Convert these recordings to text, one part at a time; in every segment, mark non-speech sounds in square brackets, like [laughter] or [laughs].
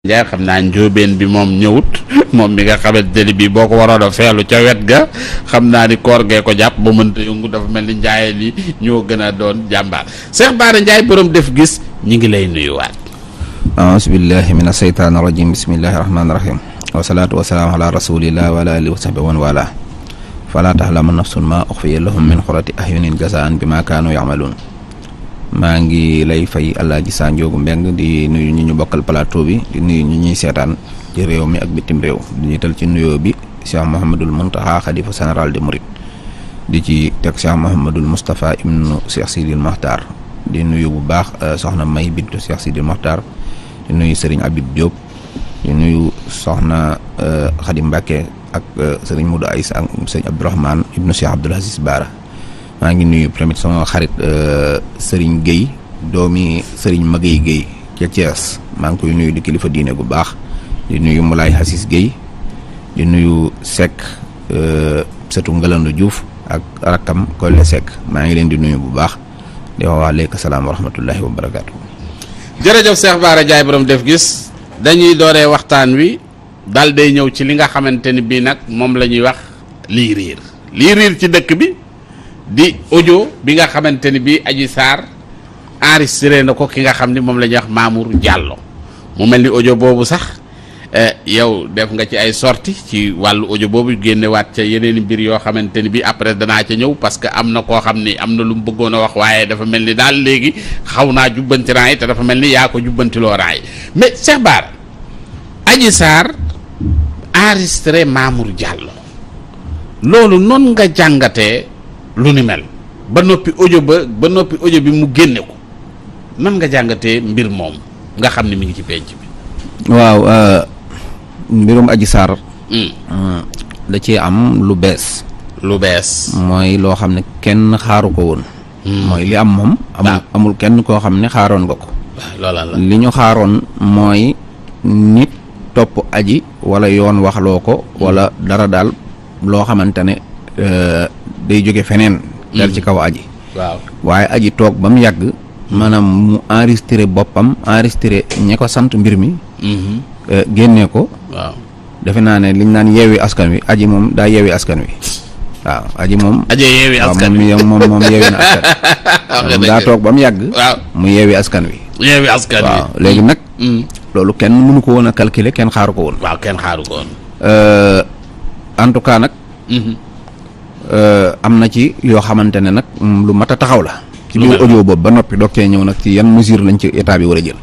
Ndiaye xam naa njóobeen bi moom ñëwut [laughs] moom mi nga xamante ni bii boo ko waroon a feelu ca wet ga xam naa ni koor gee ko jàpp ba mënta yëngu dafa mel ni Ndiaye li ñoo gën a doon jàmbaar Cheikh Bara Ndiaye boroom def gis ñi ngi lay nuyuwaat. auzu billahi mina shaytaani rajim bismillahi rahmaani rahim wasalaatu wasalaamu ala a wa ala alihi wa sahbihi wa man wala fala tahlamu nafsun ma uxfiya lahum min xurati ahyunin jasaan bi kaanu yamaluun mangi lay fay alaaji saa njoogu mbeng di nuyu ñu ñu bokkal plateau bi di nuyu ñu ñi sétane ci rew mi ak bitim rew di ñital ci nuyo bi cheikh mohammedul muntaha khalifa de mouride di ci tek cheikh mohammedul mustafa ibnu cheikh sidil mahtar di nuyu bu baax eh, soxna may bitu cheikh sidil mahtar di nuyu serigne abid diop di nuyu soxna eh, khadim mbake eh, ak serigne mudou aïs ak serigne abdourahman ibnu cheikh Abdul aziz bara maa ngi nuyu tamit sama xarit euh, Serigne Gueye doomi Serigne Magay Gueye ca Thiès maa ngi koy nuyu di kilifa diine bu baax di nuyu Moulay Hassis Gueye di nuyu Seck euh, sëtu Ngalandu Diouf ak rakkam Kole Seck maa ngi leen di nuyu bu baax di wax waaleykum salaam wa rahmatullahi wa barakaatu. jërëjëf Cheikh Bara Ndiaye borom def gis dañuy dooree waxtaan wi dal day ñëw ci li nga xamante ni bii nag moom la ñuy wax lii riir lii riir ci dëkk bi. di audio bi nga xamante ni bii Adji Sarr enregistré na ko ki nga xam ni moom la ñuy wax Mamour Diallo mu mel ni ojo boobu sax eh, yow def nga ci ay sorti ci wàllu ojo boobu génnewaat ca yeneen mbir yoo xamante ni bii après danaa ca ñëw parce que am na koo xam ni am na lu mu bëggoon a wax waaye dafa mel ni daal léegi xaw naa jubbanti yi te dafa mel ni yaa ko jubbantiloo raay mais Cheikh Bara Adji Sarr enregistré Mamour Diallo loolu noonu nga jàngatee. lu ni mel ba nopi audio ba ba nopi audio bi mu genné ko nan nga jàngatee mbir mom nga xamni mi ngi ci penc bi waaw euh, mbirum aji sar, hmm. euh, da ci am lu bes lu bes moy lo xam kenn xaru ko won moy hmm. li am mom ah. amul kenn ko xam ah, xaron goko lola la liñu xaron moy nit top aji wala yon wax loko wala dara dal lo xamantene euh day joge fenen dal mm. ci kaw aji waaw waaye aji tok bam yag manam mu enregistrer bopam enregistrer ñeko sante mbir mi mm-hmm. eh, genné ko waaw defé naa liñ nane yeewi askan wi aji mom da yeewi askan wi waaw aji mom aji yeewi askan wi mom mom mom na askan da tok bam mu waaw mu yeewi askan wi yeewi askan wi waaw nak hmm loolu kenn mënu ko wona calculer kenn xaru ko won waaw kenn xaru ko euh en tout cas nag mm-hmm. Euh, am na ci yoo xamante ne nag mm, lu mat a taxaw la. ci biir audio boobu ba noppi doog cee ñëw nag ci yan mesure lañ ci état bi war a jël.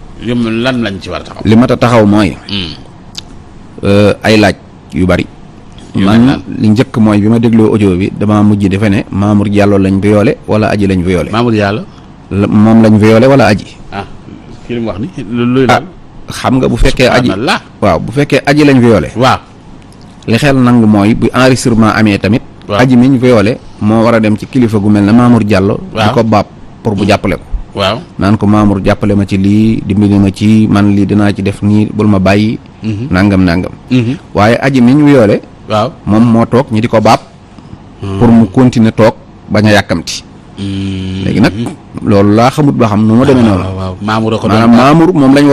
lan lañ ci war a li mat a taxaw mooy. Hmm. Euh, ay laaj yu bari. man li njëkk mooy bi ma dégloo audio bi dama mujj defe ne Mamour Diallo lañ violé wala aji lañ violé. Mamour Diallo. moom lañ violé wala aji. ah wax ni ah, xam nga bu fekkee aji waaw bu fekkee aji lañ violé. li xel nangu mooy bu enregistrement amee tamit. aji mi ñu koy wole dem ci kilifa gu melna Mamour Diallo di ko pour bu mm. jappalé ko waaw nan ko Mamour jappalé ma ci lii dimbali ma ci man li dina ci def ni bul ma bayyi mm-hmm. nangam nangam mm-hmm. waye aji mi ñu yoole waaw moom moo toog ñi diko ko mm. pour mu continuer tok baña yakamti mm-hmm. légui nak nag loolu xamut ba xam nu ma demee noonu waaw Mamour ko maanaam Mamour mom lañ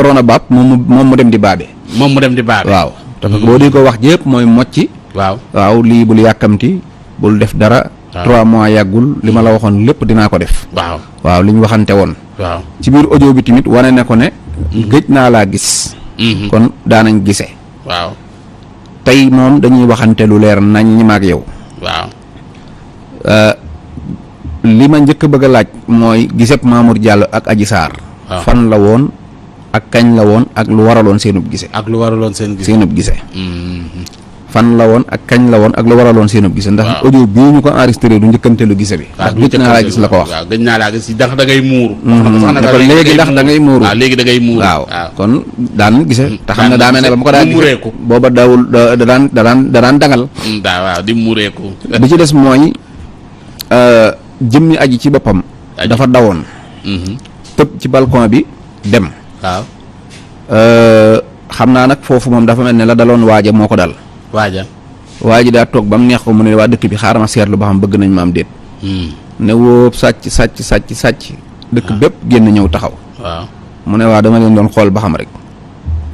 mu dem di babé mom mu dem di babé waaw te bo di ko wax moy mocci waaw waaw lii li yakamti bul def dara. Ah. trois mois yàggul li ma la waxoon lépp dinaa ko def. waaw waaw li ñu waxante woon. waaw ci biir audio bi tamit wane ne ko ne. Mhm. gëj naa laa gis. Mhm. kon daanañ gise waaw tey moom dañuy waxante lu leer nañ ñi maag yow. waaw euh, li ma njëkk a bëgg laaj mooy giseb Mamour jàll ak Adji Sarr. Ah. fan la woon ak kañ la woon ak lu waraloon seenub gise. ak lu waraloon seen gise seenub gise. Mhm. fan la woon ak kañ la woon ak lu waraloon seenub gise ndax audio bii ñu ko enregistré du lu gise bi ndax gëj naa laa gis la ko wax waaw gëj naa laa gis ndax da ngay muuru mhm. léegi ndax da ngay muuru léegi da ngay muuru waaw kon daan gise mm, te xam ne daa mel ne ba ma ko daan gise booba daawul da daan da daan da daan dangal mm, waaw di muureeku [laughs] bi ci des mooy euh, jëmmi aji ci boppam dafa dawoon mm-hmm. tëb ci balcon bi dem waaw euh, xam naa nag foofu moom dafa mel ne la daloon waaja moo ko dal waja waji da tok bam neexu ko mu ne waa bi xaaral ma ba xam beug nañ ma am hmm ne wo sacc sacc sacc sacc dekk ah. bepp genn ñew taxaw waaw mu ne waa dama leen doon xol ba xam rek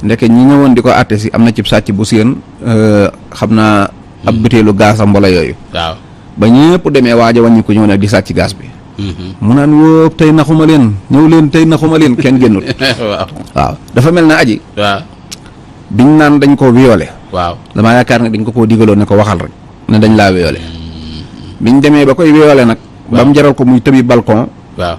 ndeke ñi ñewon di ko ci si ci sacc bu seen euh xamna ab hmm. butéelu gaas am mbola yoyu waaw ba ñepp démé waja wañi ko ñew nag di sacc gaas bi hmm. mu naan wo tay naxuma leen ñew leen tay naxuma leen kenn gennul [laughs] waaw dafa melna aji waaw biñ nan dañ ko violer waaw damaa yaakaar ne dañ ko ko digaloon ne ko waxal rek ne dañ laa weyoole biñ demee ba koy weyoole nag ba jaral ko muy tëbi balcon waaw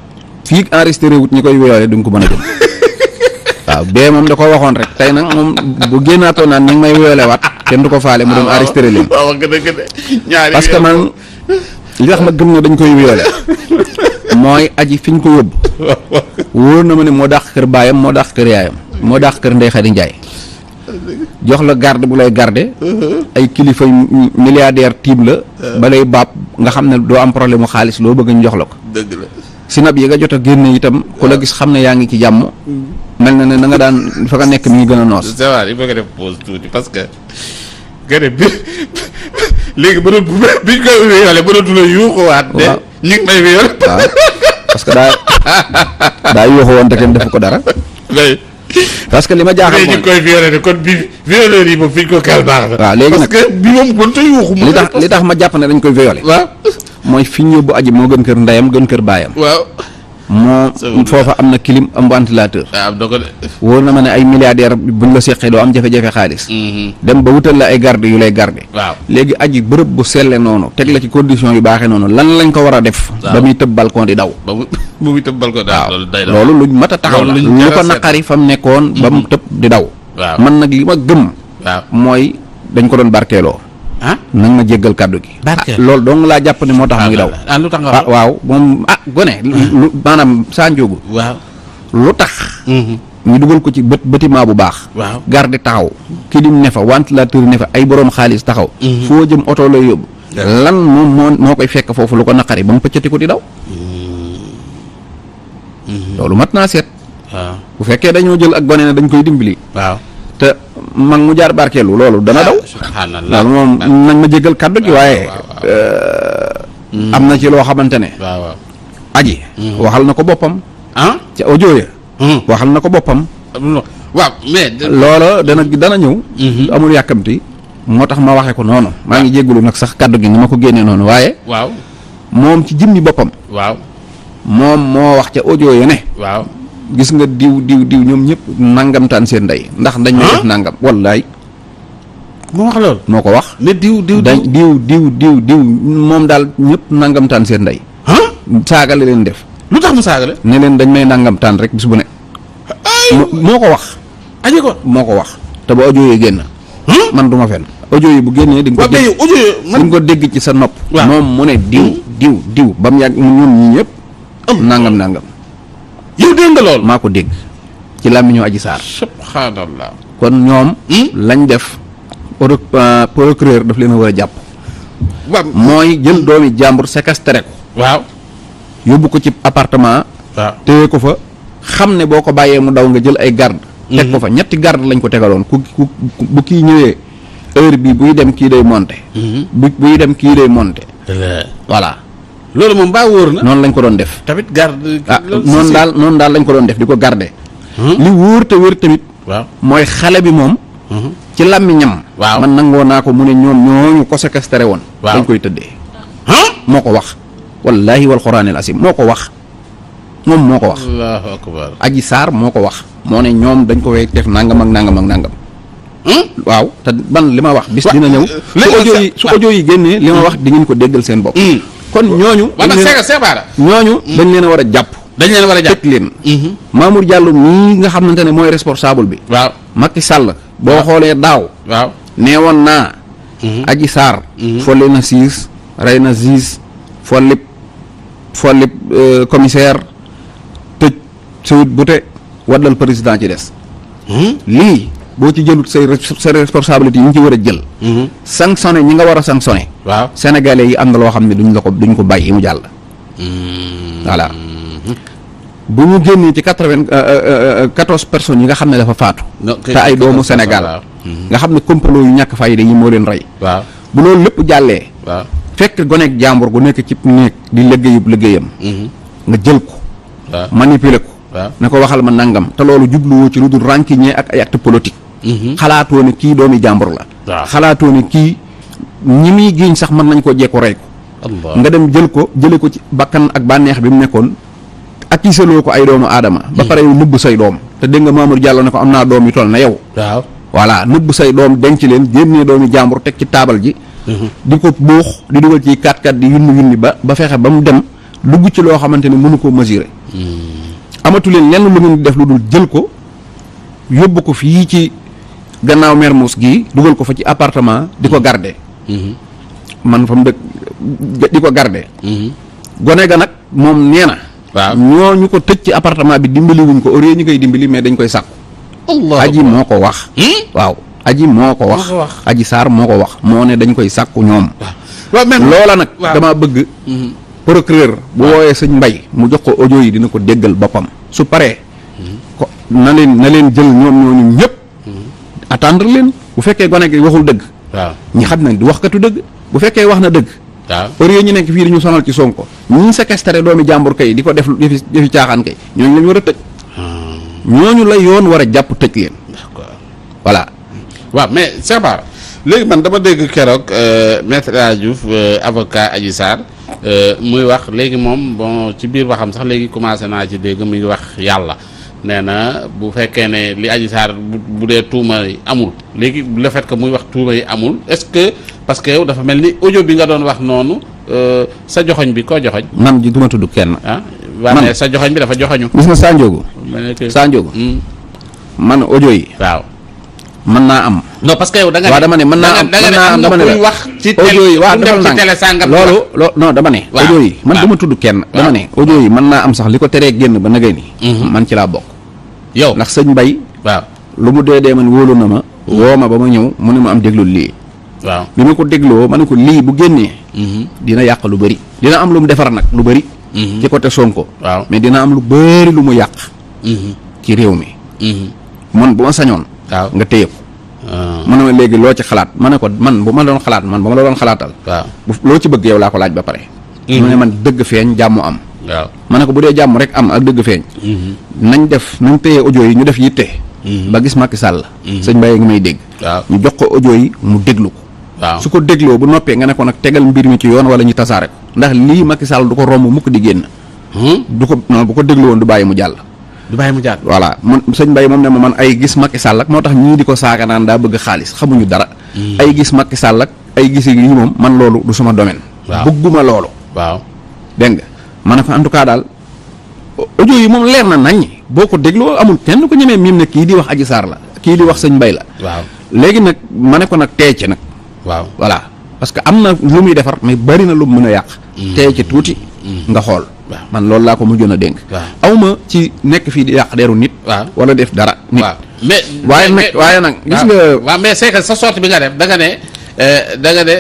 fii enregistré wut ñi koy weyoole duñ ko mën a jëm [laughs] waaw bee moom da ko waxoon rek tey nag moom bu génnaatoo naan ñu ngi may weyoole waat kenn du ko faale mu dem enregistré leen parce que man li tax ma gëm ne dañ koy weyoole [laughs] mooy aji fi ñu ko yóbbu wóor na ma ne moo dàq kër baayam moo dàq kër yaayam moo dàq kër Ndeye Khady Ndiaye jox la garde bu lay garde uh-huh. ay kilifa milliardaire tiim la. Uh-huh. ba lay baab nga xam ne doo am problème mu xaalis loo bëgg ñu jox la ko. dëgg la sinab yi nga jot a génne itam. ku la uh-huh. gis xam ne yaa ngi ci jàmm. mel na ne na nga daan fa nga nekk mi ngi gën a noos. ça va il faut parce que gën bi [laughs] léegi ba [laughs] doon biñ ko wéyalee parce que daa daa yuuxu woon te kenn defu ko dara. [laughs] parce que li ma jaaxal mooy koy violé ne kon bi violeur yi moom fi ñu ko léegi nag parce que bi moom li tax li tax ma jàpp ne dañ koy violé. waaw mooy fi ñu yóbbu aji moo gën kër ndeyam gën kër baayam. waaw. moo foofa am na clim am ventilateur ah, wóor na ma ne ay milliardaire buñ la seqee doo am jafe-jafe xaalis mm-hmm. dem ba wutal la ay garde yu lay garde waaw léegi aji bërëb bu selle noonu teg la ci condition yu baaxee noonu lan lañ ko war a def ba muy tëb balcon di daw ba muy tëb balcon di daw loolu luñ mat a taxaw la lu ko naqari fa mu nekkoon ba mu mm-hmm. tëb di daw man nag li ma gëm mooy dañ ko doon barkeeloo nang ma jéggal cadeau gi ah, lool do nga la japp ni motax mo ngi daw ah, ah, lu tax nga waaw mom ah goné hmm. manam saa njóogu waaw lu tax hmm. ñu duggal ko ci bët bâtiment bu baax waaw garder taxaw kilim ne fa ventilateur ne fa ay borom xaliss taxaw hmm. fo jëm auto lay yob lan moom mo koy fekk fofu lu ko naqari ba mu ko di daw hmm loolu matna set waaw bu fekke dañu jël ak goné dañ koy dimbali waaw te mag mu jaar barkeelu loolu dana ah, daw loolu moom ah. nañ ma jéggal kàddu gi ah, waaye euh, am na ci loo xamante ne aji mm-hmm. waxal na ko boppam ah ca audio ya mm-hmm. waxal na ko boppam waaw mais loola dana dana ñëw mm-hmm. amul yàkkamti moo tax ma waxee ko noonu maa ngi jéggulu nag sax kàddu gi ni ma ko génnee noonu waaye waaw moom ci jëmmi boppam waaw moom moo wax ca audio ya ne waaw gis nga diw diw diw ñoom ñëpp nangamtaan seen ndey ndax dañ may def nangam wallaay moo wax loolu ko wax ne diw diw dañ diw diw diw diw moom daal ñëpp nangamtaan seen ndey saagale leen def lu tax mu saagale ne leen dañ may nàngamtaan rek bis bu ne moo ko wax aji ko moo ko wax te ba audio génn man du ma fen audio yi bu génnee di nga ko dégg audio ko dégg ci sa nopp moom mu ne diw hmm? diw diw ba mu yàgg ñoom ñi ñëpp nangam nangam yow dégg lool maa ko dégg ci làmmiñu Adji Sarr. subhanallah kon ñoom. lañ def pro euh, procureur daf leen a war a jàpp. waaw mooy jël doomi jàmbur séquestré waaw yóbbu ko ci appartement. waaw ko fa xam ne boo ko bàyyee mu daw nga jël ay garde mhm. teg ko fa ñetti garde lañ ko tegaloon ku ku bu kii ñëwee heure bi buy dem kii day monté. Mhm. bu buy dem kii day monté. voilà lolu mom ba wóor na noonu lañ ko doon def tamit garde ah, non dal non dal lañ ko doon def di garder hmm? li wor te wor tamit waaw moy xalé bi mom hmm? ci lammi ñam man nango na ko mu ne ñoom ñooñu ko séquestré won dañ koy tëddee han moko wax wallahi wal al asim moko wax mom moko wax allahu akbar aji sar moko wax mo ne ñom dañ ko wey def nangam ak nangam ak nangam hmm? waaw te ban lima wax bis dina ñew su audio yi su audio yi degil lima wax di ngeen ko déggal seen bop kon ñooñu. wala Seck Seck dañ leen a war a jàpp. dañ leen a war a jàpp teg leen. Mm-hmm. Mamour Diallo nga xamante ne mooy responsable bi. waaw Macky Sall. boo xoolee daaw. waaw woon naa. Mm-hmm. Adji Sarr. Mm-hmm. folli na siis rey na siis follib follib euh, commissaire tëj Sewit bute waddal président ci des. lii boo ci jëlut say say responsabilité yi ñu ci war a jël. Mm-hmm. sanctionné ñi nga war a sanctionné. waaw sénégalais yi am na loo xam ne duñ la ko duñ ko bàyyi mu jàll. Mm-hmm. voilà bu mu génnee ci quatre vingt euh, euh, euh, quatorze personnes yi nga xam ne dafa faatu. te ay doomu Sénégal. Mm-hmm. nga xam ne complot yu ñàkk fayda yi moo leen rey. waaw bu loolu lépp jàllee. waaw fekk goneeg jàmbur gu nekk ci néeg di léggéeyub liggéeyam. nga jël ko. manipuler ko. na ko waxal ma nangam te loolu jubluwoo ci lu dul rànkiñee ak ay acte Mhm. xalaatoo ne kii doomi jàmbur la xalaatoo ne kii ñi muy giiñ sax mën nañ ko jekku rey ko nga dem jël ko jële ko ci bakkan ak bànneex bi mu nekkoon ak kiisaloo ko ay doomu aadama ba mhm. pare yow nëbb say doom te dégg nga Mamour Diallo ne ko am naa doom yu toll na yow waaw voilà nëbb say doom denc leen génnee doomi jàmbur teg ci taabal ji mhm. di ko buux di dugal ci katkat di yunni yunni ba ba fexe ba mu dem dugg ci loo xamante ne mënu ko mesurer amatu leen lenn lu ngeen def lu dul jël ko yóbbu ko gannaaw mus gi dugal ko fa ci appartement di mm-hmm. garder hmm man fam dekk diko di hmm goné ga nak moom néna waaw ñoo ko tëj ci appartement bi dimbali wuñ ko o lieu ñu dimbali mais dañ koy allah aji moko ko wax hmm? waaw aji moko wax aji sar moko wax mo né dañ koy waaw ñoom loola nak dama bëgg mm-hmm. procureur bu woyé señ mbay mu jox ko audio yi dina ko déggal bopam su paree mm-hmm. ko na leen na leen jël ñom ñoo ñëpp attendre leen bu fekkee gone gi waxul dëgg. waaw ñi xam nañ du waxkatu dëgg bu fekkee wax na dëgg. waaw heure yooyu ñu nekk fii dañu sonal ci Sonko ñi séquestré doomi jàmbur kay di ko def jëfi jëfi caaxaan kay ñooñu lañ war a tëj. Hmm. ñooñu la yoon war a jàpp tëj leen. voilà. waaw mais Cheikh Bara léegi man dama dégg keroog euh, maître El Hadji Diouf euh, avocat Adji Sarr euh, muy wax léegi moom bon ci biir waxam sax léegi commencé naa ci dégg mi wax yàlla. nena bu fekkee ne li aji sar bu dee tuuma amul léegi le fait que muy wax touma yi amul est-ce que parce que yow dafa melni audio bi nga don wax noonu euh, sa joxogn bi ko joxogn man ji duma tuddu kenn ah waa mais sa joxogn bi dafa joxogn gis na Sa Ndiogou Sa Ndiogou hmm. man audio yi waaw man na am non parce que yow da nga wa dama ne man na am mën naa am dama ne wax ci audio yi wa waaw ci télé sangam lolu non dama ne audio yi man duma tuddu kenn dama ne audio yi man na am sax liko téré genn ba nagay ni mhm. man ci la bok yow ndax sëñ bay waaw lu mu dédé man wóolu na ma woo ma ba ma ñëw mu ne ma am déglul li waaw bi ma ko dégloo man ko li bu mhm. dina yaq lu bari dina am lu mu défar nak lu songko, mhm. ci côté sonko waaw mais dina am lu bari lu mu yàq mhm. ci réew mi man bu ma mana waaw nga téyé ko ah. mu ma léegi lo ci xalaat man ko man buma don doon xalaat man buma la xalaatal waaw lo ci bëgg yow la ko laaj ba pare mu man dëgg feñ jamu am mana mané ko budé mereka rek am ak deug feñ mhm. nañ def nañ téyé audio yi ñu def yité mhm. ba gis Macky Sall mhm. señ baye ngi may dégg ñu jox ko audio yi mu déglu ko su ko dégloo bu noppee nga ne ko nag tegal mbir mi ci yoon wala ñu tasaare ko ndax lii Macky Sall du ko romb mukk di génn hmm? du ko non bu ko déglu woon du bàyyi mu jàll du bàyyi mu jàll voilà man sëñ moom ne man ay gis Macky Sall ak moo tax ñii di ko saaga naan daa bëgg xaalis xamuñu dara hmm. ay gis Macky Sall ak ay gis yi moom man loolu du sama domaine bëgguma loolu waaw dégg nga ma ne fa en tout cas daal audio yi moom leer na nañ boo ko dégloo amul kenn ko ñemee miim na kii di wax Adji saar la kii di wax sëñ Mbay la. waaw léegi nag ma ne ko nag tey ci nag. waaw voilà parce que am na lu muy defar mi bari na lu mën a yàq. Mm. tey ci tuuti. Mm. nga xool. man loolu laa ko mujjoon a dénk. aw ma ci nekk fii di yàq deru nit. wala def dara. nit mais waaye nag waaye nag. gis nga mais c'est sa sorte bi nga def da ne. Euh, da nga ne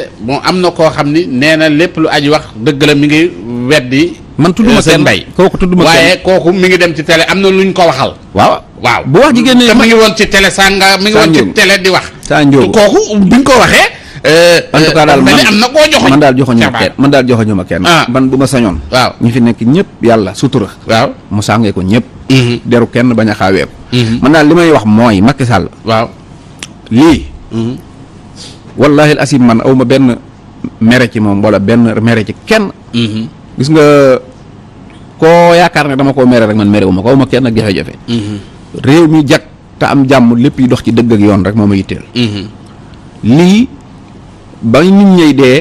am na koo xam ni nee na lépp lu aji wax dëgg la mi ngi weddi man tuduma eh, sen mbay koku tuduma waye koku mi ngi dem ci télé amna Wow, luñ ko waxal waaw waaw bu wax jigéen ni mi ngi won ci télé sanga mi ngi won ci télé di wax koku buñ ko euh en tout cas dal euh, man amna ko koo joxoñ man dal joxoñu ah. ma kenn man dal joxoñu ma kenn man buma sañon waaw ñi fi nek ñepp yalla sutura waaw mu sangé ko mm-hmm. deru kenn baña xawé mm-hmm. man dal li wax moy Macky Sall waaw lii mm-hmm. wallahi asim man awma ben mere ci mom wala ben mere ci kenn gis nga ko yaakaar ne dama ko mere rek man mere wu ma ko ma kenn ak jafe hmm rew mi jak ta am jamm lepp yi dox ci deug ak yoon rek moma yittel hmm li ba nit ñay dé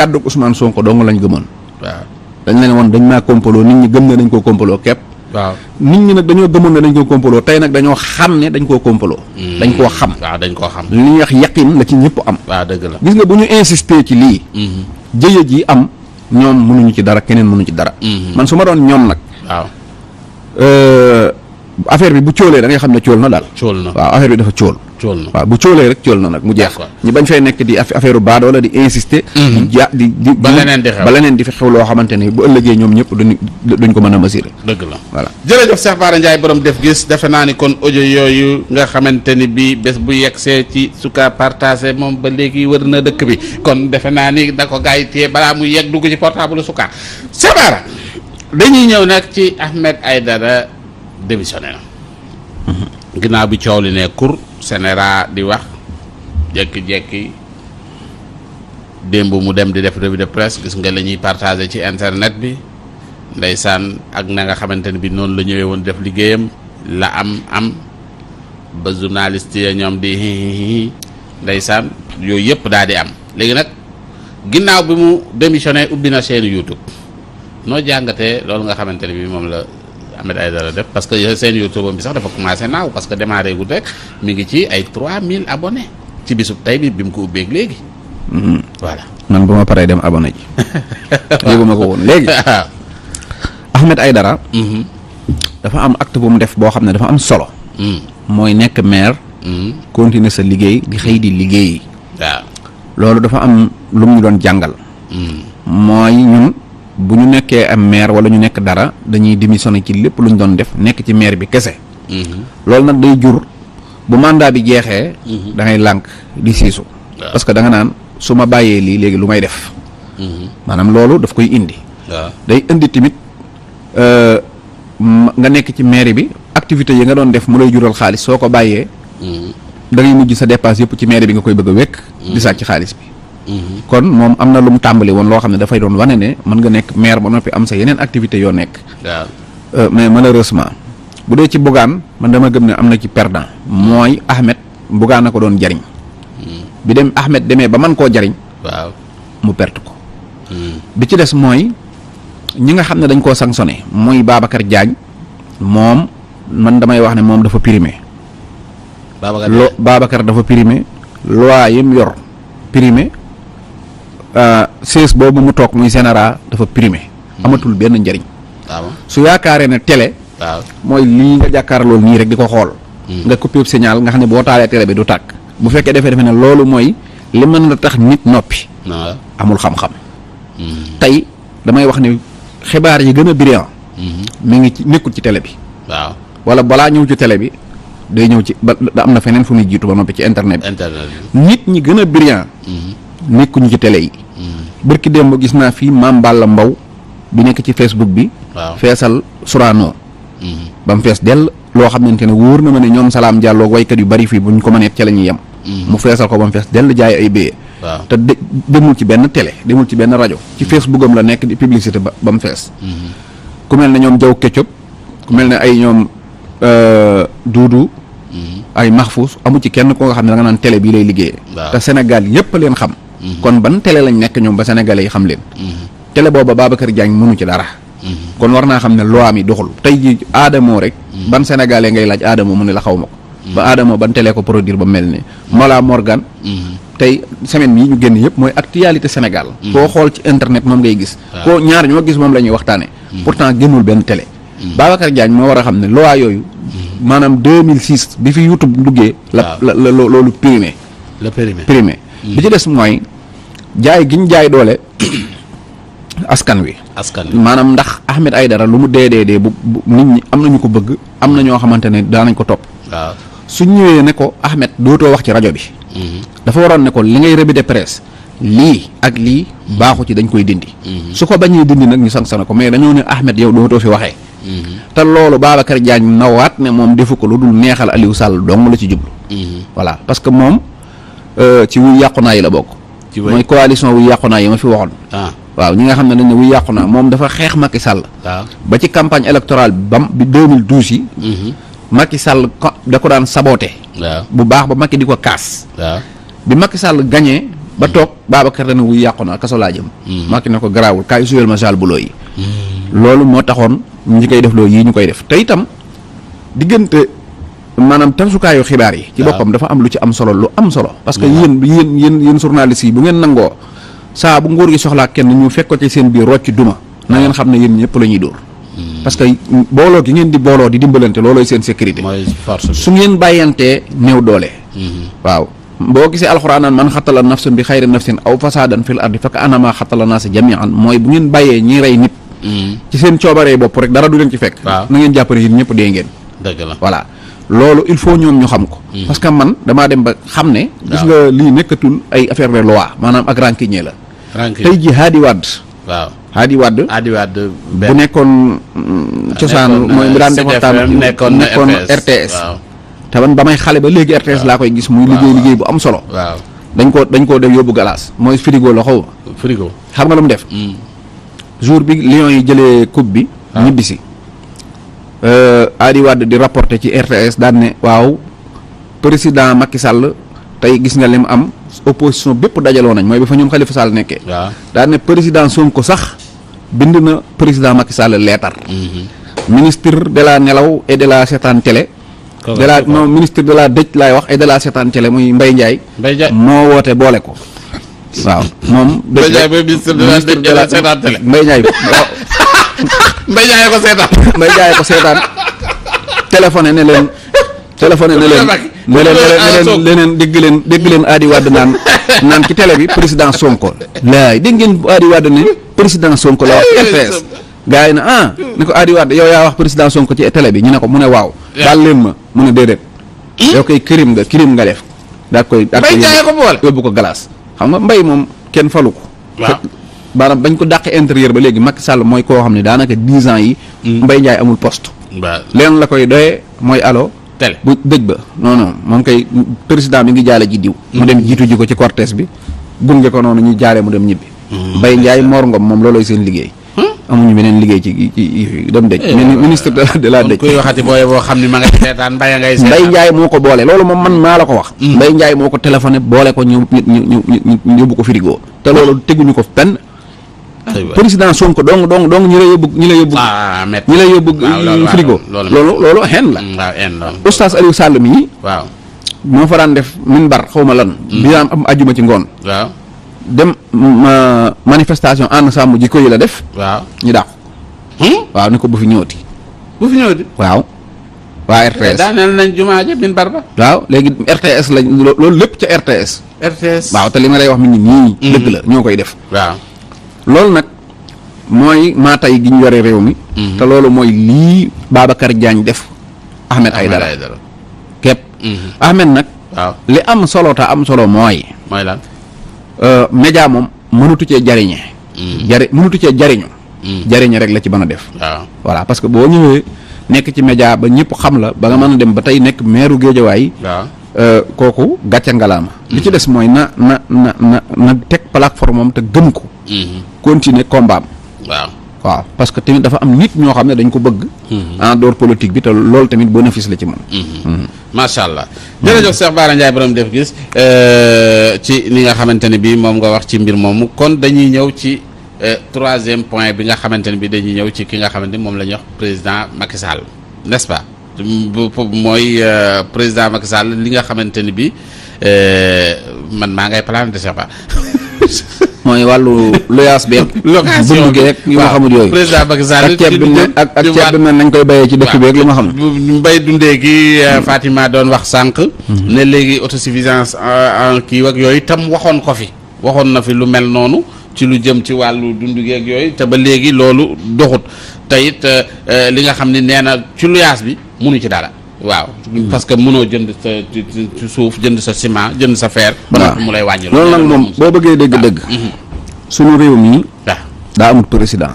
kaddu Ousmane Sonko dong lañ gëmon waaw dañ leen won dañ ma kompolo nit ñi gëm na dañ ko kompolo kep waaw nit ñi nak dañu gëmon na dañ ko kompolo tay nak dañu xam ne dañ ko kompolo mhm. dañ ko xam waaw dañ ko xam li wax yaqin la ci ñepp am waaw deug la gis nga bu ñu insister ci li hmm ji am ñoom mënuñu ci dara keneen mënuñu ci dara. Mm-hmm. man su ma doon ñoom nag. waaw euh, affaire bi bu cóolee da ngay xam ne cóol na daal. cóol na waaw affaire bi dafa cóol. cóol na waaw bu cóolee rek cóol na nag mu jeex. ñu bañ fay nekk di affaire baad wala di insister. Mhm. di ja di ba leneen di xew loo xamante ni bu ëllëgee ñoom ñëpp duñ duñ ko mën a mesurer. dëgg la voilà. jërëjëf Cheikh Bara Ndiaye borom def gis defe naa ni kon audio yooyu nga xamante ni bii bés bu yegsee ci suka partagé moom ba léegi wër na dëkk bi kon defe naa ni da ko gars yi balaa muy yegg dugg ci portable suka Cheikh Bara dañuy ñëw nag ci Ahmed Aidara démissionné na ginnaaw bi coow li ne kur sénéra di wax jékki-jékki démb mu dem di def revue de presse gis nga la ñuy partagé ci internet bi ndeysaan ak na nga xamante ne bi noonu la ñëwee woon def liggéeyam la am am ba journaliste ya ñoom di hihihi ndeysaan yooyu yëpp daal di am léegi nag ginnaaw bi mu démissionné ubbi na chaîne YouTube noo jàngatee loolu nga xamante ne bi moom la Ahmed Aïdara def parce que sen youtube bi sax dafa commencé naw parce que démarré gu rek mi ngi ci ay 3000 abonnés ci bisub tay bi bi mu ko ubbeeg léegi. Hmm. voilà man buma paré dem abonné ci [laughs] yego mako won léegi. [laughs] Ah. Ahmed Aïdara. Mm-hmm. dafa am acte bu mu def bo xamné dafa am solo. moy mm. nek maire. Mm. continuer sa liggéey di xey di liggéey. waaw ah. lolu dafa am lu mu ñu doon jàngal. moy mm. ñun. bu ñu nekkee am maire wala ñu nekk dara dañuy démissionné ci lépp lu ñu doon def nekk ci maire bi kese. Mhm. loolu nag day jur bu mandat bi jeexee. Mhm. dangay lànk di siisu. parce que da nga naan su ma bàyyee lii léegi lu may def. Mhm. maanaam loolu daf koy indi. day indi tamit euh, nga nekk ci maire bi activité yi nga doon def mu lay jural xaalis soo ko bàyyee. da mujj sa dépense yëpp ci maire bi nga koy bëgg a di sàcc ci xaalis bi. kon moom am na lu mu tàmbali woon loo xam ne dafay doon wane ne mën nga nekk maire ba noppi am sa yeneen activité yoo nekk. Euh, mais malheureusement bu dee ci Bougane man dama gëm ne am na ci perdant mooy Ahmed Bougane na ko doon jariñ hmm. bi dem Ahmed demee ba man koo jariñ mu perte ko. Hmm. bi ci des mooy ñi nga xam ne dañ koo sanctionné mooy Babacar Diagne moom man damay wax ne moom dafa primé. Babacar lo Babacar dafa primé. loi yi mu yor prime Euh, sees boobu mu toog muy général dafa primé. Hmm. amatul benn njëriñ. waaw ah su yaakaaree ne télé. Ah. mooy lii nga jàkkaarloo nii rek di ko xool. Hmm. nga coupé signal nga xam ne boo taalee télé bi du tàkk. bu fekkee defe defe ne loolu mooy li mën na tax nit noppi. Ah. amul xam-xam. Hmm. tey damay wax ni xibaar yi gën a brillant. mu ngi ci nekkul ci télé bi. waaw wala balaa ñëw ci télé bi day ñëw ci ba am na feneen fu muy jiitu ba noppi ci internet bi. bi nit ñi gën a brillant. nekkuñu ci télé barki dembo gis na lambau mam Balla Mbaw bi nek ci facebook bi. fessal surano, mhm. bam ba del fees dell loo xamante ne salam na ma ñom salam salaam way kat yu bari fi buñ ko mané ci la yam mhm. mu fessal ko bam fess del jaay ay te demul ci ben télé demul ci ben rajo. ci mhm. facebook am la nek di publicité bam fess mu ku mel ñom jaw Ketchup ku mel ne ay ñoom euh, Duudu. ay Mahfous amu ci kenn ko nga xam nga nan télé bi lay liggé te Sénégal yépp leen xam. kon ban télé lañ nekk ñoom ba sénégalais yi xam leen. télé booba Babacar Diagne mënu ci dara. kon war naa xam ne loi mi doxul tey ji aadamoo rek. ban sénégalais ngay laaj aadamoo mu ne la xaw ma ko. ba aadamoo ban telee ko produire ba mel nii. Mola Morgan. tey semaine bii ñu génn yëpp mooy actualité Sénégal. koo xool ci internet moom ngay gis. ko ñaar ñoo gis moom la ñuy waxtaanee. pourtant génnul benn tele Babacar jaañ moo war a xam ne loi yooyu. maanaam 2006 bi fi YouTube duggee. la la loolu primé. la primé primé. bi jaay giñ jaay doole askan wi. askan wi maanaam ndax Ahmed Aidara lu mu dee dee dee bu nit ñi am na ñu ko bëgg am na ñoo xamante ne daanañ ko topp. waaw su ñëwee ne ko Ahmed dootoo wax ci rajo bi. Mm-hmm. dafa waroon ne ko li ngay revue de presse lii ak lii mm-hmm. baaxu ci dañ koy dindi. Mm-hmm. su ko bañee dindi nag ñu san sanctionné ko mais dañoo ne Ahmed yow too fi waxee. te loolu Babacar jaañ nawaat ne moom defu ko lu dul neexal Aliou Sall dong la ci jublu. voilà parce que moom euh, ci wu yàqu naa la bokk. mooy coalition wu yàqu naa yi ma fi waxoon ah. waaw ñi nga xam ne dañ ne wu yàqu naa moom dafa xeex Macky Sall ah. ba ci campagne électorale bam bi 2012 yi mm-hmm. Macky Sall da ko daan saboté ah. bu baax ba makki di ko kaas bi Macky Sall gañee ba toog Babacar dana wu yàqu naa kaso laa jëm mm-hmm. ne ko garaawul kaay suyal ma sall bu loo yi mm-hmm. loolu moo taxoon ñi koy def loolu yii ñu koy def te itam diggante manam tasukaayu xibaar yi ci bopam dafa am lu ci am solo lu am solo parce que yeen yeen yeen yeen journaliste yi bu ngeen nango sa bu ngor gi soxla kenn ñu fekk ci seen biir rocc duma na ngeen xamne yeen ñepp lañuy door hmm. parce que bolo gi ngeen di bolo di dimbalante loloy seen sécurité su ngeen bayante new doole hmm. waaw bo gisee alcorane man khatala nafsun bi xayri nafsin aw fasadan fil ardi faka anama khatala nas jamian moy bu ngeen baye ñi ray nit hmm. ci seen ciobare bop rek dara du len ci fekk na ngeen jàppane yeen ñepp de ngeen deug la voilà loolu il faut ñoom ñu xam ko. Hmm. parce que man damaa dem ba xam ne. gis nga lii nekkatul ay affaire de loi maanaam ak rancunier la. rancunier tey jii Hadi Wade. waaw Hadi Wade. bu hmm, ah, nekkoon. cosaanu mooy mu daan defoon mu nekkoon RTS. te man ba may xale ba léegi RTS laa koy gis. muy liggéey liggéey bu am solo. dañ ko dañ koo def yóbbu galaas mooy frigo la xaw ma. frigo xam nga lu mu def. Hmm. jour bi Lions yi jëlee coupe bi. Ah. ñibbisi Euh, Adi Wade di rapporter ci RTS daan ne waaw président Macky Sall tey gis nga lim am opposition bépp dajaloo nañ mooy ba fa ñoom Khalifa Sall nekkee. waaw daan ne président ko sax bind na président Macky Sall leetar. Mm-hmm. ministre de la nelaw et de la seetaan télé. moom la de la dëj laay wax et de la seetaan télé muy mbay Ndiaye. Mbaye Ndiaye moo woote boole ko. [laughs] waaw moom. dëj la mooy ministre de la seetaan télé Mbaye Ndiaye. [laughs] mbay jaay ko seetaan. mbay jaay ko seetaan téléphoné ne leen. téléphoné ne leen ne leen leneen dégg leen dégg leen Adi Wade naan naan ci télé bi président Sonko. laay dégg ngeen Adi Wade ne président Sonko la wax yi na ah ne ko Adi Wade yow yaa wax président Sonko ci télé bi ñu ne ko mu ne waaw. daal leen ma mu ne déedéet. Hmm? yow koy crime nga crime nga def. daa koy daa koy yóbbu ko galaas xam nga mbay moom kenn falu ko. maanaam bañ ko dàq intérieur ba léegi Macky Sall mooy koo xam ne daanaka dix ans yi. Hmm. Mbaye Ndiaye amul poste. waaw leen la koy doyee mooy alo télé bu dëj ba noonu non moom koy président bi ngi jaale ji diw. mu dem hmm. jiitu ji ko ci cortège bi gunge ko noonu ñu jaaree mu dem ñibbi. Hmm. Mbaye Ndiaye Mor Ngom moom loolooy seen liggéey. amuñu beneen liggéey ci ci dem dëj. Eh, ministre la dëj. kuy waxati booy boo xam ne ma nga seetaan mbay ngay seetaan. moo ko boole loolu moom man maa la ko wax. Mbaye Ndiaye moo ko téléphoné boole ko ñu ñu ñu ñu yóbbu ko frigo. te loolu teguñu ko fenn président Sonko dong dong dong ñu la yóbbu ñu la yóbbu ah, ah, ñu la yóbbu euh, frigo loolu loolu xeen mm, la oustaz Aliou Sall mii waaw moo faraan def min bar xaw ma lan mm. biiraam am ajuma ci ngoon waaw dem manifestation ànd sàmm jikko yi la def ñi ñu dàq hmm? waaw ni ko bu fi ñëwati bu fi ñëwati waaw waa RTS daaneel léegi RTS lañ loolu lépp ca RTS RTS waaw te li ma lay wax mi nii mm-hmm. dëgg la ñoo koy def waaw loolu nag mooy maatay gi ñu yore réew mi. Mhm. te loolu mooy lii Babacar Diagne def. Ahmed Aïdara képp. Mhm. Ahmed nag. waaw li am solo te am solo mooy. mooy lan. Euh, média moom mënutu cee jariñe mhm. jari mënutu cee jariñu jariñe rek la ci mën a def. waaw voilà parce que boo ñëwee nekk ci média ba ñëpp xam la ba nga mën a dem ba tey nekk meeru géejawaay. waaw euh, kooku gàcce ngalaama. li ci des mooy na na na na na teg plateforme am te gëm ko. continuer combat waaw waaw parce que tamit dafa am nit ñoo xam ne dañ ko bëgg. en mhm. ah, dehors politique bi te loolu tamit bénéfice la ci man mhm. mhm. macha allah jërëjëf Cheikh Bara Ndiaye borom def gis euh, ci li nga xamante ne bii moom nga wax ci mbir moomu kon dañuy ñëw ci euh, troisième point bi nga xamante ne bii dañuy ñëw ci ki nga xamante ni moom la ñuy wax président Macky Sall n'est-ce pas mooy euh, président Macky Sall li nga xamante ni bii man maa ngay plan de Cheikh [laughs] mooy wàllu loyaas [laughs] bi location dund gi rek yu ma xamul yooyu. président ak ceeb bi ak nañ koy béyee ci dëkk beeg li ma xam. ñu béy dundee gi eh, Fatima doon wax sànq. Mhm. ne léegi autosuffisance eh, en kii ak yooyu tam waxoon ko fi. waxoon na fi lu mel noonu ci lu jëm ci wàllu dundu gi ak yooyu te ba léegi loolu doxut te it eh, li nga xam ne nee na ci loyaas bi munu ci dara. waaw parce que mënoo jënd sa suuf jënd sa ciment jënd sa fer. waaw mu lay wàññi loolu nag moom boo bëggee dëgg-dëgg. Mhm. sunu réew mi. waaw daa amul président.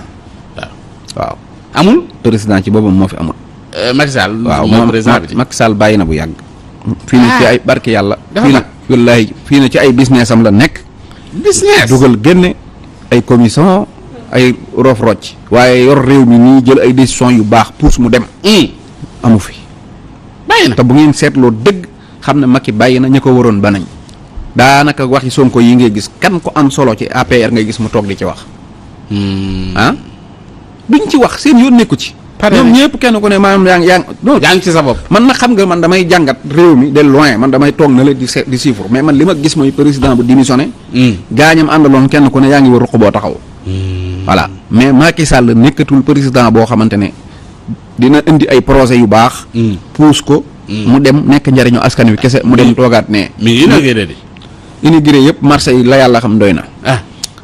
waaw amul. président ci boppam moo fi amul. Euh, Macky Sall. waaw moom président bi Macky Sall bàyyi na bu yàgg. fii na ci ah. ay barki yàlla. dafa nag wallaahi fii na ci ay business am la nekk. business dugal génne ay commission ay rof rocc waaye yor réew mi nii jël ay décision yu baax pousse mu dem. Hmm. amu fi. bàyyi na te bu ngeen seetloo dëgg xam ne Macky bàyyi na ña ko waroon ba nañ daanaka waxi Sonko yi ngay gis kan ko am solo ci APR ngay gis mu toog di ci wax. Hmm. ah duñ ci wax seen yoon nekku ci. pare ñoom ñëpp kenn ku ne maanaam yaa ngi yaa ngi yaa ngi ci sa bopp. man na xam nga man damay jàngat réew mi de loin man damay toog na la di se di mais man li ma gis mooy président bu démissionné. Hmm. gaañam àndaloon kenn ku ne yaa ngi war ruq boo taxaw. Hmm. voilà mais Macky Sall nekkatul président boo xamante ne. dina indi ay projet yu bax hmm. pousse ko hmm. mu dem nek njariñu askan wi kese mu dem hmm. togat ne mi inauguré di gire yep marché yi la yalla xam doyna na ah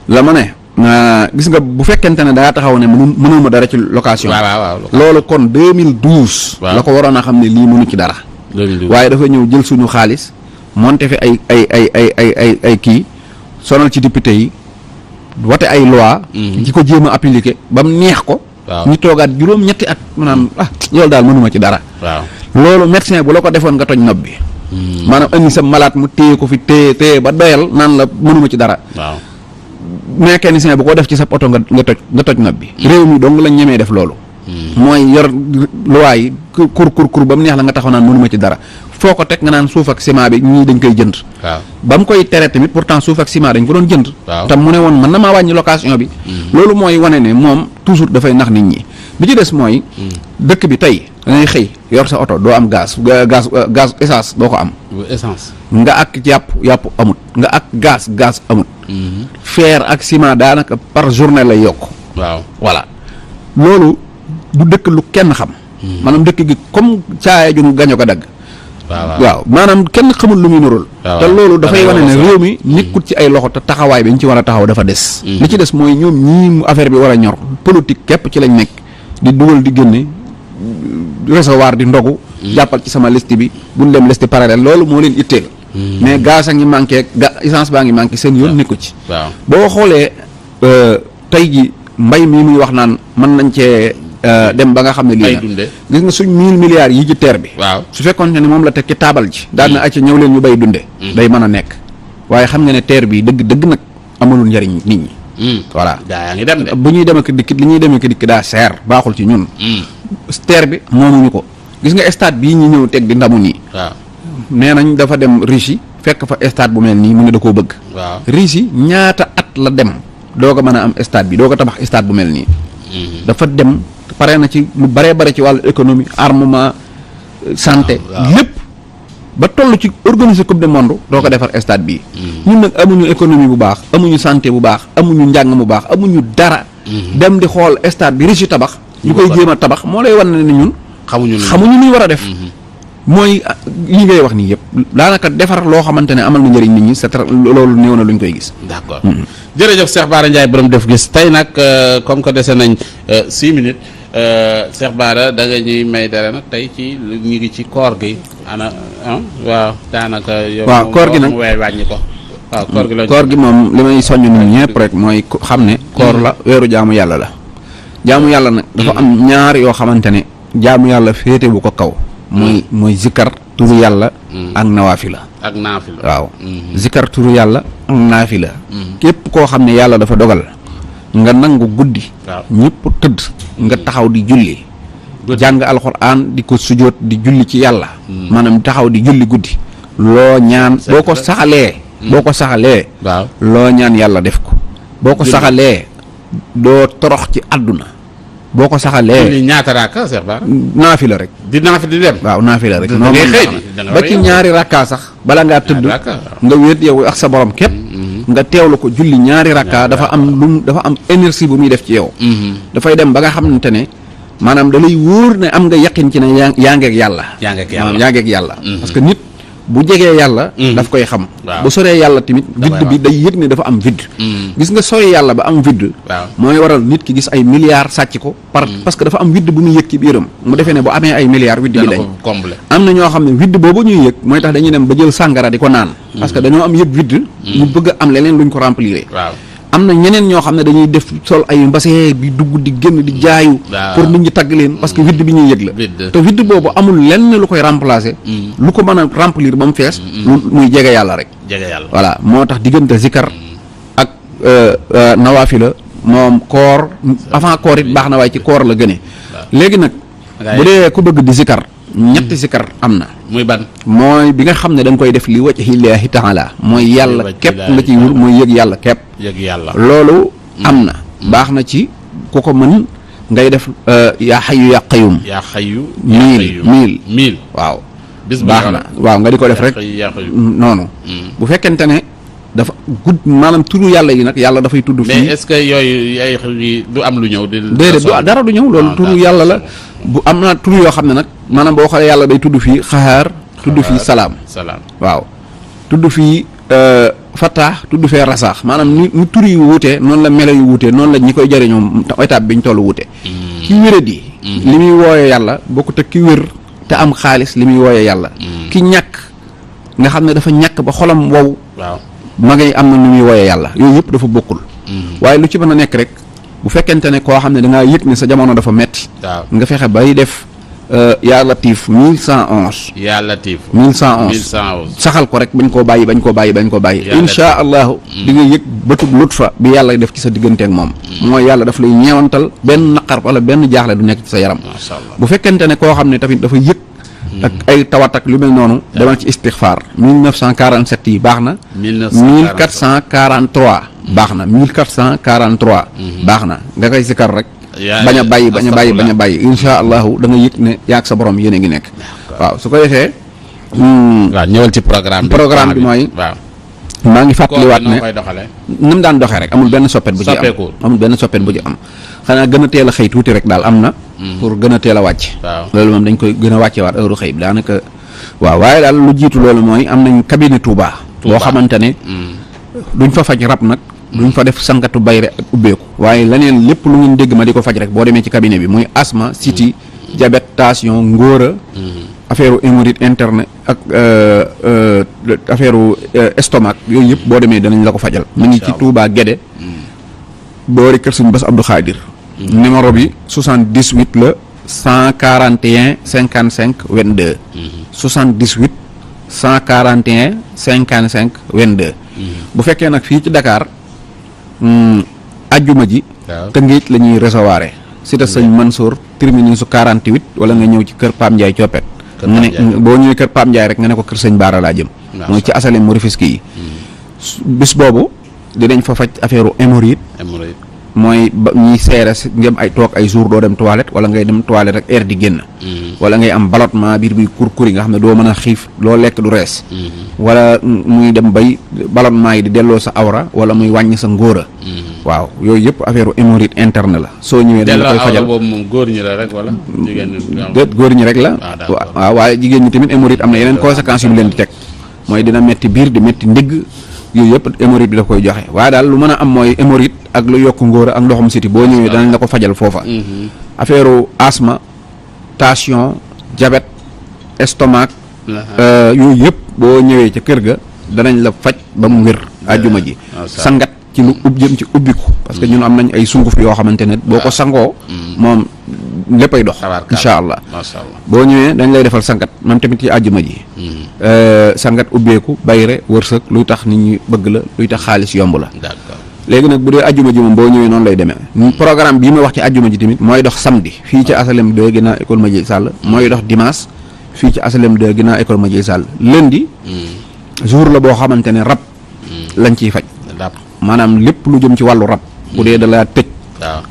la mané ne gis nga bu fekkentene da taxaw ne mënu ma dara ci location lolu kon 2012 la ko waroon a xam ne lii mënu ci dara waaye dafa ñew jël suñu xaliss monté fi ay ay ay ay ay ay ki, sonal ci député yi wate ay loi jiko jema appliquer bam neex ko waaw ñu toogaat juróom ñetti at maanaam ah loolu daal mënuma ci dara. waaw loolu médecin bu la ko defoon nga toj nob bi. Hmm. maanaam indi sa malaat mu téye ko fi téye téye ba doyal naan la mënuma ci dara. waaw mécanicien bu ko def ci sa oto nga nga toj nga toj bi. Hmm. réew mi dong lañ ñemee def loolu. Hmm. mooy yor loi kur kur kur bam neex la nga taxaw naan ci dara foko tek nga nan souf ak ciment bi ñi dañ koy jënd bam koy téré tamit pourtant souf ak ciment dañ ko doon jënd tam mu ne woon na maa location bi mm-hmm. lolu moy wane ne mom toujours fay nax nit ñi bi ci des moy mm. dëkk bi tay ngay xey yor sa auto do am gaz gaz euh, gaz essence boko am essence nga ak japp yap amut nga ak gaz gaz amut mm-hmm. fer ak ciment daanaka par journée lay yok waaw voilà lolu du dëkk lu kenn xam Hmm. manam dekk gi comme jun ju adag ko dag waaw manam kenn xamul lu mi nurul te da fay wone ne rew mi nekkut ci ay loxo ta taxaway bi ci wara taxaw dafa dess hmm. li ci dess moy ñoom ñi affaire bi wara ñor politique kep ci lañ nek di dugal di genné recevoir di ndogu hmm. jappal ci sama liste bi buñ dem liste parallèle lolu mo leen itteel mais gaz a ngi manqué essence ba ngi manké seen yoon nekku ci xolé euh tay ji mbay mi muy wax naan man nañ ci Euh, dem ba nga xam ne lii gis nga suñ mille milliards yi ci terre bi waaw su fekkoon ne moom la teg ci taabal ji daan na mm. acca ñëw leen ñu bay dunde mm. day mën a nekk waaye xam nga ne terre bi dëgg dëgg nag amalul njariñ nit ñi mm. voilà yaa ngi de bu ñuy dem ak dikk li ñuy dem ak dikk daa seer baaxul ci ñun terre bi moomuñu ko gis nga stade bii ñu ñëw teg di ndamu nii waaw nee nañ dafa dem Russie fekk fa stade bu mel nii mu ne da koo bëgg waaw Russie ñaata at la dem doo ko mën a am stade bi doo ko tabax stade bu mel nii mm-hmm. dafa pare na ci lu baree bare ci wàll économie armement santé ah, lépp ba toll ci organiser coupe du monde doo ko defar stade bii mm-hmm. ñun nag amuñu économie bu baax amuñu santé bu baax amuñu njàng bu baax amuñu dara mm-hmm. dem di xool stade bi riche tabax ñu koy jéem a tabax moo lay wan ni ñun xamuñu xamuñu luy war a def mm-hmm. mooy li ngay wax nii yëpp daanaka defar loo xamante ne amal na njëriñ nit ñi c'est loolu néew na lu ñu koy gis. d'accord mm-hmm. jërëjëf Cheikh Bara Ndiaye borom def gis tey nag euh, comme que dese nañ euh, six minutes euh, Cheikh Bara da nga may dara nag tey ci ñu ngi ci koor gi ana ah, waaw daanaka. waaw koor gi nag waaw wàññi ko. waaw koor gi la gi moom li may soññ nit ñëpp rek mooy xam ne. koor la weeru jaamu yàlla la. jaamu yàlla nag dafa am ñaar yoo xamante ne jaamu yàlla féete bu ko kaw. moy moy hmm. zikar turu yalla hmm. ak nawafila ak nafila waaw hmm. zikar turu yalla ak nafila kep ko xamne yalla dafa dogal nga nangou guddi ñepp teud nga taxaw di julli jang alquran di ko sujoot di julli ci yalla manam taxaw di julli guddi lo ñaan boko saxale boko saxale lo ñaan yalla def ko boko saxale do torox ci aduna boo ko saxalee julli ñaata rakka Cheikh Bara naafi la rek di naafi di dem waaw naafi la rek noonu ba ci ñaari rakka sax balaa ngaa tëdd nga wéet yow ak sa borom képp mhm. nga teew la ko julli ñaari rakka dafa am lu dafa am énergie bu muy def ci yow mhm. dafay dem ba nga xamante ne maanaam da wóor ne am nga yaqin ci ne yaa yaa yàlla yaa ngeeg yàlla mhm. parce nit bu jegee yàlla mhm. daf koy xam bu soree yàlla tamit vide bi day yëg ne dafa am vide mhm. gis nga sori yàlla ba am vide mooy waral nit ki gis ay milliards sàcc ko par mhm. parce que dafa am vide bu muy yëg ci biiram mu defee ne bu amee ay milliards vide bi dañ am na ñoo xam ne vide boobu ñuy yëg mooy tax dañuy dem ba jël sàngara di ko naan parce que dañoo am yëg vide ñu bëgg am leneen luñ ko remplir am na ñeneen ñoo xam ne dañuy def sol ay mbase bi dugg di génn di jaayu pour nit ñi tagg leen parce que widd mm. bi ñuy yëg la te widd boobu amul lenn lu koy remplacer mm. lu ko mën a remplir ba mu fees muy jege yàlla rek jege yàlla voilà moo tax diggante zikar ak euh, euh, nawaafila moom koor avant koor it baax na waaye ci koor la gënee léegi nag bu dee ku bëgg di zikar ñetti zikar am na muy ban mooy bi nga xam ne da koy def li wajhi llaahi taala mooy yàlla képp nga ciy wut mooy yëg yàlla képp yëg yàlla loolu mm. am na baax na ci ku ko mën ngay def euh, yaa xayu yaa qayum yaa xayu miil miil miil waaw bis baax na waaw nga di ko def rek mm, noonu mm. bu fekkente ne dafa gudd maanaam turu yàlla yi nag yàlla dafay tudd fii mais est-ce que yooyu ay du am lu ñëw déedéet dara du ñëw loolu ah, turu yàlla la bu am naa turu yoo xam ne nag maanaam boo xoolee yàlla day tudd fii xahaar tudd fii salaam salaam waaw tudd fii euh, fattaax tudd fee rasaax maanaam ni mu turi yu wuute noonu la melo yu wuute noonu la ñi koy jëriñoo étape bi ñu toll wute mm. ki wérad yi mm. li muy wooyee yàlla bokkut ak ki wér te am xaalis li muy wooyee yàlla mm. ki ñàkk nga xam ne dafa ñàkk ba xolam wow ma ngay am na nu muy wooyee yàlla yooyu yëpp dafa bokkul waaye lu ci mën a nekk rek bu fekkente ne koo xam ne dangaa yëg ne sa jamono dafa metti nga fexe bay def Euh, yaa latif 1111. yaa latif 1111 1111. saxal ko rek bañ koo bàyyi bañ koo bàyyi bañ koo bàyyi. insha allahu. Mm. di nga yëg bëtub lutfa bi yàlla def ci sa digganteeg moom. Mm. mooy yàlla daf lay ñeewantal benn naqar wala benn jaaxle du nekk ci sa yaram. macha bu fekkente ne koo xam ne tamit dafa yëg. Mm. ak ay tawat ak lu mel noonu. demal ci istixfaar 1947 yi baax na. 1443 baax na 1443. Mm-hmm. baax na nga koy sikar rek. baña ya, bayyi baña bayyi baña bayyi insya da nga yek ne yak sa borom yene ngi nek waaw su ko defé waaw ñewal ci programme bi programme bi moy waaw ma ngi fatali wat ne nim daan doxé rek amul benn soppet bu ci am amul benn soppet bu ci am xana gëna téla xey tuuti rek dal amna hmm. pour gëna téla wacc lolu mom dañ koy gëna wacce wat heure xey danaka waaw waaye daal lu jiitu loolu mooy amna nañ cabinet touba boo xamante hmm. duñ fa faj rab nag duñ fa def sangatu bayre waye leneen lepp lu ngeen deg ma diko ko faj rek bo demé ci cabinet bi muy asthme city diabète tension ngora hmm. affaireu hémorroïde interne ak euh, euh, affaireu euh, estomac yoy yep bo demé dañ la ko fajal mu ngi ci Touba Guédé hmm. boori keur seigne Bass Abdou Khadir hmm. numéro bi 78 141 55 22 78 141 55 22 bu fekkee nak fi ci Dakar aljuma ji ngeet lañuy ci ta seigne mansour terminus 48 wala nga ñew ci kër pam ndjay ciopet bo ñewé kër pam ndjay rek nga ne ko kër seigne bara la jëm moy ci asale morifiski hmm. bis bobu dinañ fa fajj affaireu hémorroïde hémorroïde moy ñi séré ngeem ay tok ay jour do dem toilette wala ngay dem toilette rek air di genn hmm. wala ngay am balotement bir bi kurkuri nga xamne do mëna xif lo lek du res hmm. wala muy dem bay balotement yi di delo sa awra wala muy wañ sa ngora waaw yooyu yëpp affaire hémorroïde interne la soo ñëwee dañ la koy fajal boobu moom góor ñi la rek wala mm, mm, jigéen ñi mm, déet góor ñi rek la ah, waaw waaye jigéen ñi tamit hémorroïde am na yeneen conséquences yu leen di teg mooy dina metti biir di metti ndigg yooyu yëpp hémorroïde bi da koy joxe waaye daal lu mën a am mooy hémorroïde ak lu yokk ngóor ak ndoxum siti boo ñëwee danañ la ko fajal foofa mm-hmm. affaire asthme tension diabète estomac euh, yooyu yëpp boo ñëwee ca kër ga danañ la faj ba mu wér ajuma ji sangat ci lu ub jëm ci ubbiku parce que ñun am nañ ay sunguf yo xamantene boko ah. sango mom lepay moom léppay dox insha allah boo dañ lay defal sangat man tamit ci aljuma ji mm. euh, sangat ubbeeku bayre wërseuk luy tax nit ñi bëgg la luy tax xaaliss yomb la légui nak bu dee àjjuma ji mom bo ñewé non lay demee mm. programme bi ma wax ci aljuma ji tamit moy dox samedi fi ah. ci asalem de ginnaaw école ma sall moy dox dimanche fi ci asalem de ginnaaw école ma sall lundi mm. jour la bo xamantene rap lañ ciy faj maanaam lépp lu jëm ci wàllu rab bu dee da laa tëj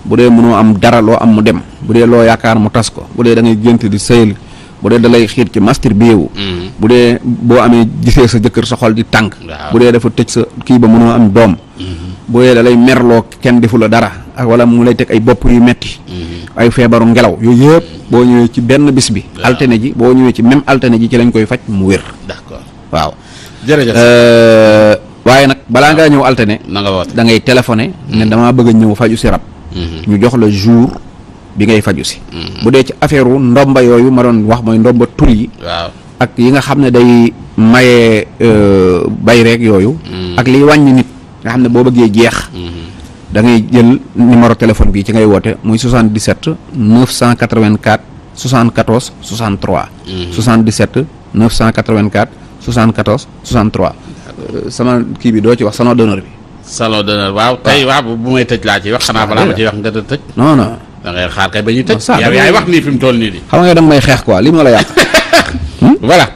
bu dee mënoo am dara loo am mu dem bu dee loo yaakaar mu tas ko bu dee da ngay gént di sëyal bu dee da lay xiir ci mastir bi yeewu mm-hmm. bu dee boo amee gisee sa jëkkër sa xol di tànk bu dee dafa tëj sa kii ba mënoo am doom mm-hmm. bu dee da lay merloo kenn defu la dara ak wala mu lay teg ay bopp yu metti mm-hmm. ay feebaru ngelaw yooyu yëpp boo ñëwee ci benn bis bi altine ji boo ñëwee ci même altine ji ci lañ koy faj mu wér d'accord waaw jërëjëf euh, waaye nag balaa ngaa ñëw altine na nga woote da ngay téléphoné ne damaa bëgg a ñëw faju si rab mhm. ñu jox la jour bi ngay faju si mhm. bu dee ci affaire wu ndomba yooyu ma doon wax mooy ndomba tur yi ak yi nga xam ne day maye euh, bay rek yooyu mhm. ak liy wàññi nit nga xam ne boo bëggee jeex dangay ngay jël numéro téléphone bi ci ngay woote muy 77 984 74 63 77 984 74 63 sama kii bi doo ci wax salon d'honneur bi. salon d'honneur waaw tey ah. waaw bu may tëj laa ciy wax xanaa balaa ma ciy wax nga doon tëj. non non. xaar kay ba ñuy tëj. yow yaay wax nii fi mu toll nii di. xam nga danga may xeex quoi li ma la yàq. [laughs] Hmm? voilà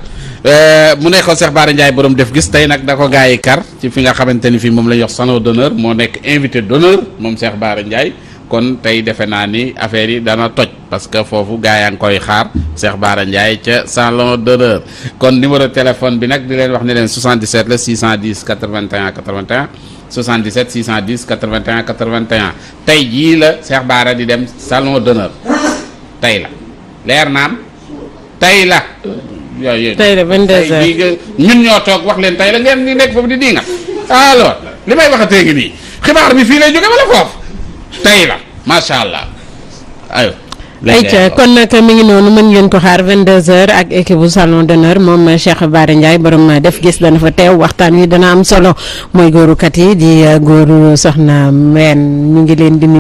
euh, mu nekk Cheikh Bara Ndiaye borom def gis tey nag da ko gaa yi kar ci fi nga xamante ni fii moom la ñuy wax salon d'honneur moo nekk invité d'honneur moom Cheikh Bara Ndiaye kon tey defe naa ni affaire yi dana toj parce que foofu gaa yaa ngi koy xaar Cheikh Bara Ndiaye ca salon d'honneur kon numéro téléphone bi nag di leen wax ne leen 77 la 610 81 81 77 610 81 81 tey jii la Cheikh baara di dem salon d'honneur tey la leer naam tey la. yooyu tey la 22h tey bii ñun ñoo toog wax leen tey la ngeen ñu li may waxatee ngi nii xibaar bi fii lay jóge wala foofu. tey la macha allah ayo ayca kon nag mi ngi noonu mën ngeen ko xaar 22h ak équipe bu salon d'honneur moom ma baari Bara Ndiaye ma def gis dana fa teew waxtaan wi dana am solo mooy góorukat yi di euh, góoru soxna Mbène ñu ngi leen di.